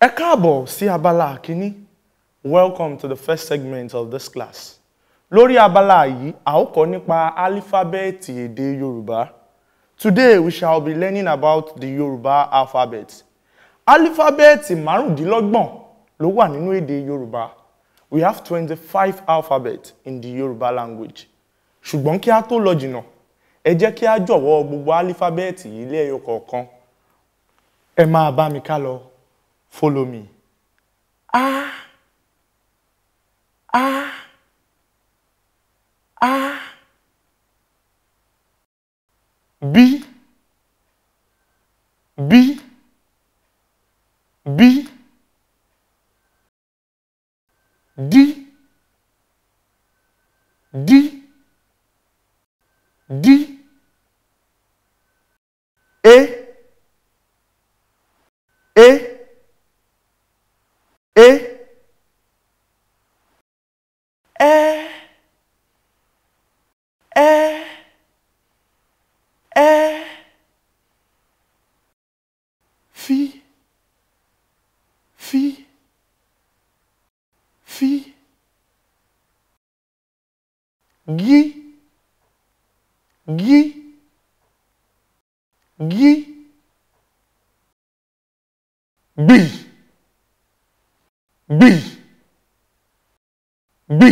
Ẹ káàbọ̀ sí abala kini. Welcome to the first segment of this class. Lori abala yi a ó kọ́ nípa álífábẹ́ẹ̀tì Today we shall be learning about the Yoruba alphabet. Álífábẹ́ẹ̀tì márùndínlọ́gbọ̀n ló wà nínú èdè Yorùbá. We have twenty-five alphabets in the Yoruba language. Ṣùgbọ́n kí a tó lọ jìnnà, ẹ jẹ́ kí a jọ̀wọ́ gbogbo álífábẹ́ẹ̀tì yìí lẹ́yọ kọ̀ọ̀kan. Ẹ máa bá mi follow me. Ah! Ah! Ah! B! B! B! D! D! Phi. Phi. Phi. Guy. Guy. Guy. B. B. B.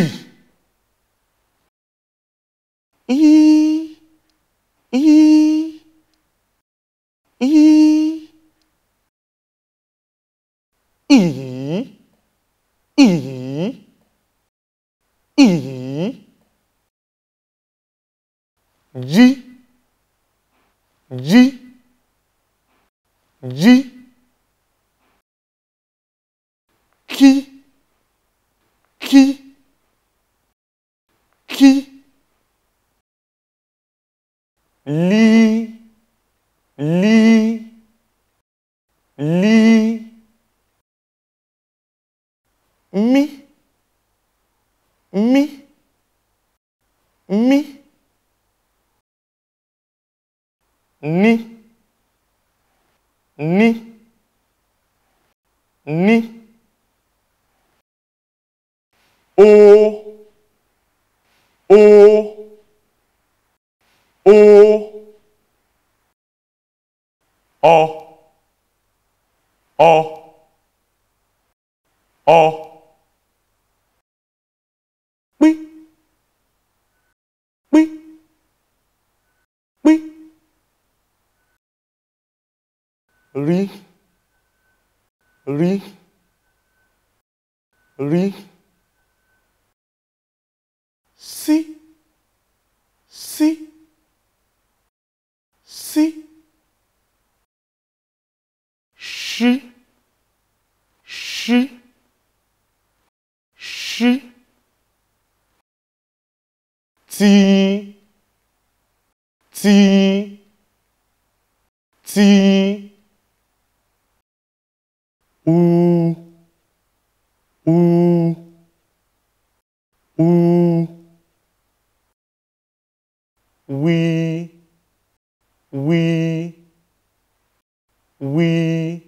E. E. E. G, G, G, key, key, key, li, li, li, mi, mi, mi. ní ní ní o o o ọ ọ ọ. Beep. 里里里，c c c 十十十 t T T。u wi wi wi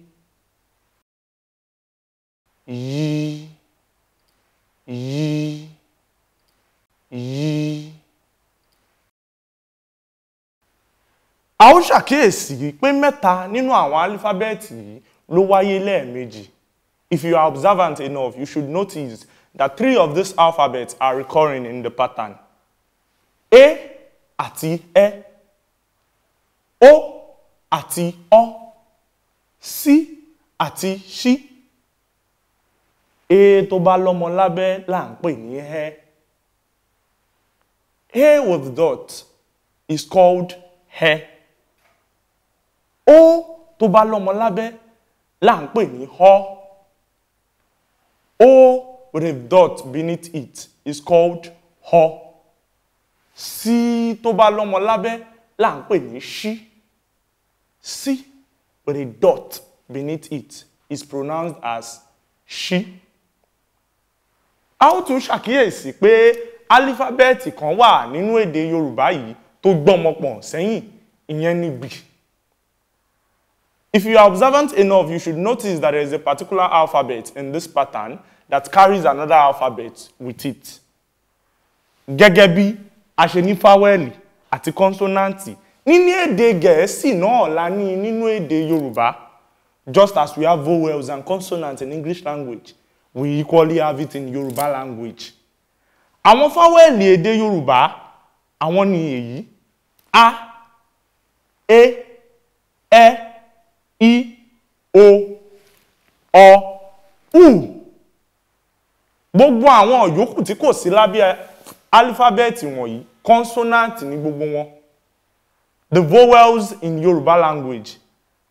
yi yi yi. a ó ṣàkíyèsí pé mẹ́ta nínú àwọn alífábẹ́ẹ̀tì yìí ló wáyé lẹ́ẹ̀mejì if you are observant enough you should notice that three of these alphabets are recurring in the pattern. A ati Ẹ, e, O ati o. C ati Ṣí. E to bá lọ́mọ lábẹ́ là ń pè ní Ẹ. E. with dot is called he. O to bá lọ́mọ lábẹ́ là ń pè ní O with a dot beneath it is called họ. Sí tó bá lọ́mọ lábẹ́ là ń pè ní ṣí. Sí with a dot beneath it is pronounced as ṣí. A ó tún ṣàkíyèsí pé álífábẹ́ẹ̀tì kan wà nínú èdè Yorùbá yìí tó gbọ́mọpọ̀ sẹ́yìn ìyẹn ni If you are observant enough, you should notice that there is a particular alphabet in this pattern that carries another alphabet with it. Gẹ́gẹ́ bí a ṣe ní fáwẹ́lì àti kọ́nsọ́náǹtì nínú èdè gẹ̀ẹ́sì náà la ní nínú èdè Yorùbá just as we have vowels and consonants in English language we equally have it in Yorùbá language. Àwọn fáwẹ́lì èdè Yorùbá àwọn ni èyí a e ẹ e, i o ọ u gbogbo àwọn yòókù tí kò sí lábẹ́ alifábẹ́ẹ̀tì wọ̀nyí consonant ni gbogbo wọn the vowels in Yoruba language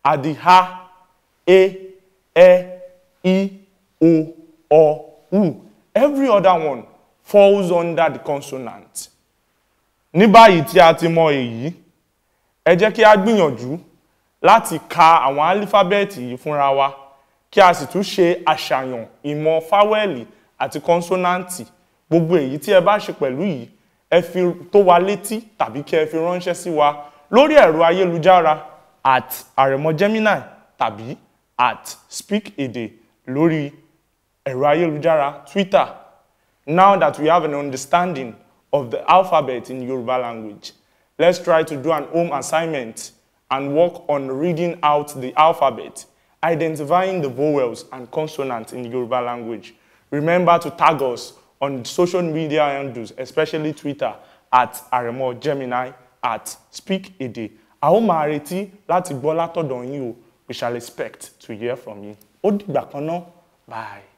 are the ha e e i o ọ u every other one falls under the consonant ní báyìí tí a ti mọ èyí ẹ jẹ́ kí a gbìyànjú láti ka àwọn alifábẹ́ẹ̀tì yìí fúnra wa kí a sì tún ṣe àṣàyàn ìmọ̀ fáwẹ́ẹ̀lì àti kọ́nsọ́nàǹtì gbogbo èyí tí ẹ bá ṣe pẹ̀lú yìí ẹ fi tó wa létí tàbí kí ẹ fi ránṣẹ́ sí wa lórí ẹ̀rọ ayélujára at àrẹ̀mọ Gemini tàbí at speak èdè lórí ẹ̀rọ ayélujára Twitter now that we have an understanding of the alphabet in Yoruba language let's try to do an home assignment and work on reading out the alphabet identifying the vowels and consonants in Yoruba language Remember to tag us on social media handles, especially Twitter, at Àrẹ̀mọ Gemini, at Speak Èdè. A ó máa retí láti gbọ́ látọ̀dọ̀ yín o. We shall expect to hear from you. Ó dìgbà kan náà. Bye.